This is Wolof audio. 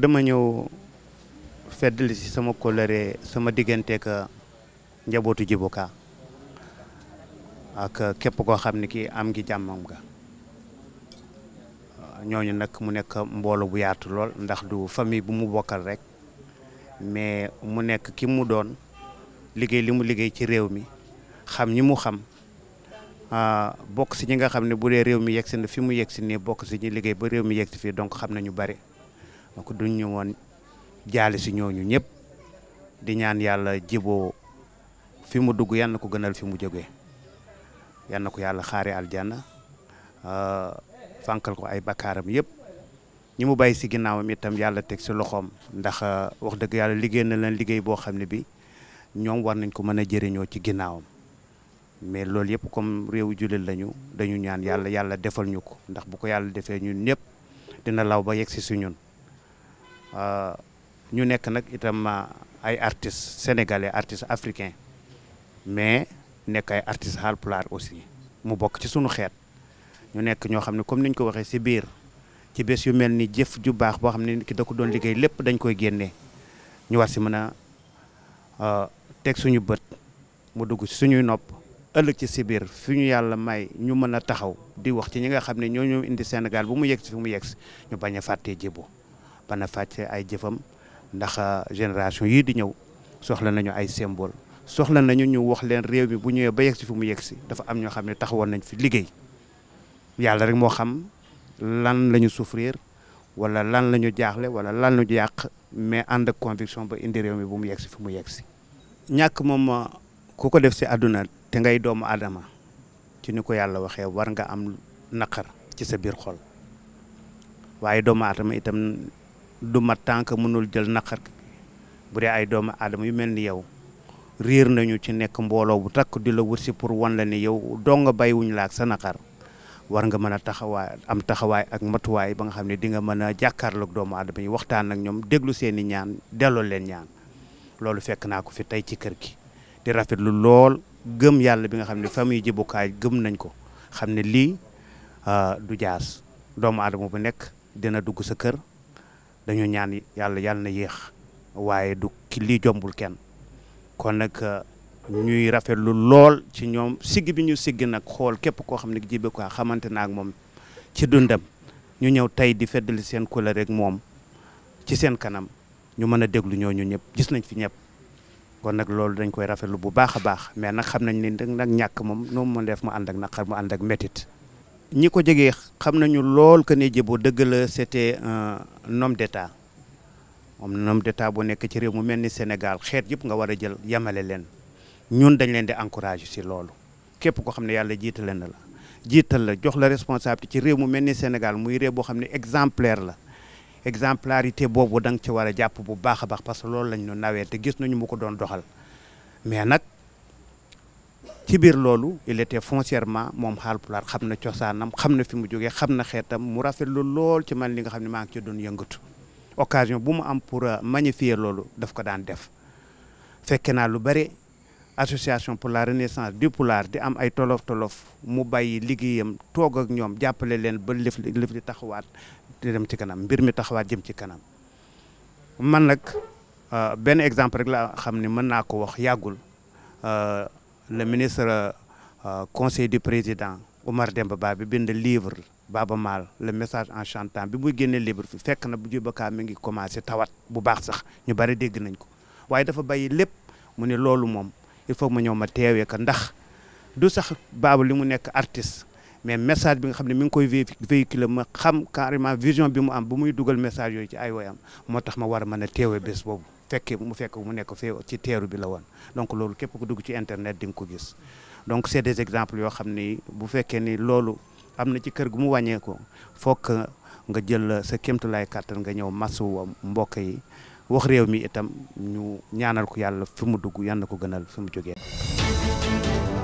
dama ñëw feddali si sama kóllëre sama digganteeg uh, njabootu Djibo Ka ak uh, képp koo xam ne kii am ngi jàmmam nga uh, ñooñu nag mu nekk mboolo bu yaatu lool ndax du famille bu mu bokkal rek mais mu nekk ki mu doon liggéey li mu liggéey ci réew mi xam ñi mu xam bokk si ñi nga xam ne bu dee réew mi yegg si na fi mu yegg si ni bokk si ñi liggéey ba réew mi yegg si fii donc xam nañu bari donc duñ ñu woon jaale si ñooñu ñëpp di ñaan yàlla jiboo fi mu dugg yal na ko gënal fi mu jógee yal ko yàlla xaare aljanna euh, fànkal ko ay bakkaaram yëpp ñi mu bàyyi si ginnaawam itam yàlla teg si loxoom ndax euh, wax dëgg yàlla liggéey na leen liggéey boo xam ne bi ñoom war nañ ko mën a jëriñoo ci ginnaawam mais loolu yëpp comme réew jullit lañu dañu ñaan yàlla yàlla defal ñu ko ndax bu ko yàlla defee ñun ñëpp dina law ba yegg si su ñun Euh, ñu nekk nag itam euh, ay artistes sénégalais artistes africain mais nekk ay artistes haalpulaar aussi mu bokk ci suñu xeet ñu nekk ñoo xam ne comme ni ñu ko waxee si biir ci bés yu mel ni jëf ju baax boo xam ne nit ki da doon liggéey lépp dañ koy génnee ñu wax si mën a euh, teg suñu bët mu dugg si suñuy nopp ëllëg ci si biir fi ñu yàlla may ñu mën a taxaw di wax ci ñi nga xam ne ñoo ñoo indi Sénégal bu mu yegg si fu mu yegg si ñu bañ a fàttee Djibo bana fàcce ay jëfam ndax euh, génération yii di ñëw soxla nañu ay symbole soxla nañu ñu wax leen réew mi bu ñëwee ba yegg fu mu yegg si dafa am ñoo xam ne taxawoon nañ fi liggéey yàlla rek moo xam lan la ñu souffrir wala lan la ñu jaaxle wala lan la ñu yàq mais ànd ak conviction ba indi réew mi bu mu yegg si fu mu yegg si. ñàkk moom euh, ku ko def si àdduna te ngay doomu aadama ci ni ko yàlla waxee war nga am naqar ci sa biir xol waaye doomu aadama itam. du mat tànk mënul jël naqar bu dee ay doomu aadama yu mel ni yow riir nañu ci nekk mbooloo bu takk di la wut si pour wan la ni yow dong nga bàyyiwuñu la ak sa naqar war nga mën a taxawaay am taxawaay ak matuwaay ba nga xam ne di nga mën a jàkkaarloog doomu aadama yi waxtaan ak ñoom déglu seeni ñaan delloo leen ñaan loolu fekk naa ko fi tey ci kër gi di rafetlu lool gëm yàlla bi nga xam ne famille jibukaay gëm nañ ko xam ne lii ah, du jaas doomu aadama bu nekk dina dugg sa kër. dañu ñaan yàlla yàlla na yéex waaye du ki lii jombul kenn kon nag euh, ñuy rafetlu lool ci ñoom sigg bi ñu sigg nag xool képp koo xam ne jibe ko xamante na ak moom ci dundam ñu ñëw tey di feddali seen couleur rek moom ci seen kanam ñu mën a déglu ñu ñëpp gis nañ fi ñëpp kon nag loolu dañ koy rafetlu bu baax a baax mais nag xam nañ ni nag ñàkk moom noonu mën def mu ànd ak naqar mu ànd métit ñi ko jegee xam nañu lool que ne Djibo dëgg la c'était un homme d'état un homme d'état nekk ci réew mu mel ni Sénégal xeet yëpp nga war a jël yemale leen ñun dañ leen di encourager si loolu képp ko xam ne yàlla jiitale na la jiital la jox la responsabilité ci réew mu mel ni Sénégal muy réew boo xam ne exemplaire la exemplarité boobu da nga ci war a jàpp bu baax a baax parce que loolu lañ ñu nawee te gis nañu mu ko doon doxal mais nag kibir biir il était foncièrement mom Haalpulaar xam xamna cosaanam xamna na fi xamna jógee xam na xeetam mu rafetlu lool ci man li nga xamni ma ngi ci doon yëngatu occasion bu am pour euh, magnifier loolu daf ko daan def fekke na lu bëri association pour la renaissance du pulaar di am ay tolof tolof mu bàyyi liggéeyam toog ak ñoom jàppale leen ba lëf lëf li taxawaat dem ci kanam mbir mi taxawaat jëm ci kanam man nag euh, benn exemple rek la xam ne mën naa ko wax yàggul euh, le ministre conseiller euh, euh, conseil du président Omar Demba a un livre Baba le message en chantant bi muy un livre fi fekk na bu tawat bu baax sax ñu bari dégg nañ ko waye dafa il faut ma un ma téwé ka ndax du sax Baba artiste mais message bi nga xam ne mu ngi koy véhiculer ma xam carrément vision bi mu am bu muy dugal message yooyu ci ay woyam moo tax ma war a mën a teewee bés boobu fekkee mu fekk mu nekk fee ci teeru bi la woon donc loolu képp ku dugg ci internet di nga ko gis donc c'est des exemples yoo xam ni bu fekkee ni loolu am na ci kër gu mu wàññeekoo fokk nga jël sa kéemtulaay kàttan nga ñëw masu mbokk yi wax réew mi itam ñu ñaanal ko yàlla fi mu dugg yan na ko gënal fi mu jógee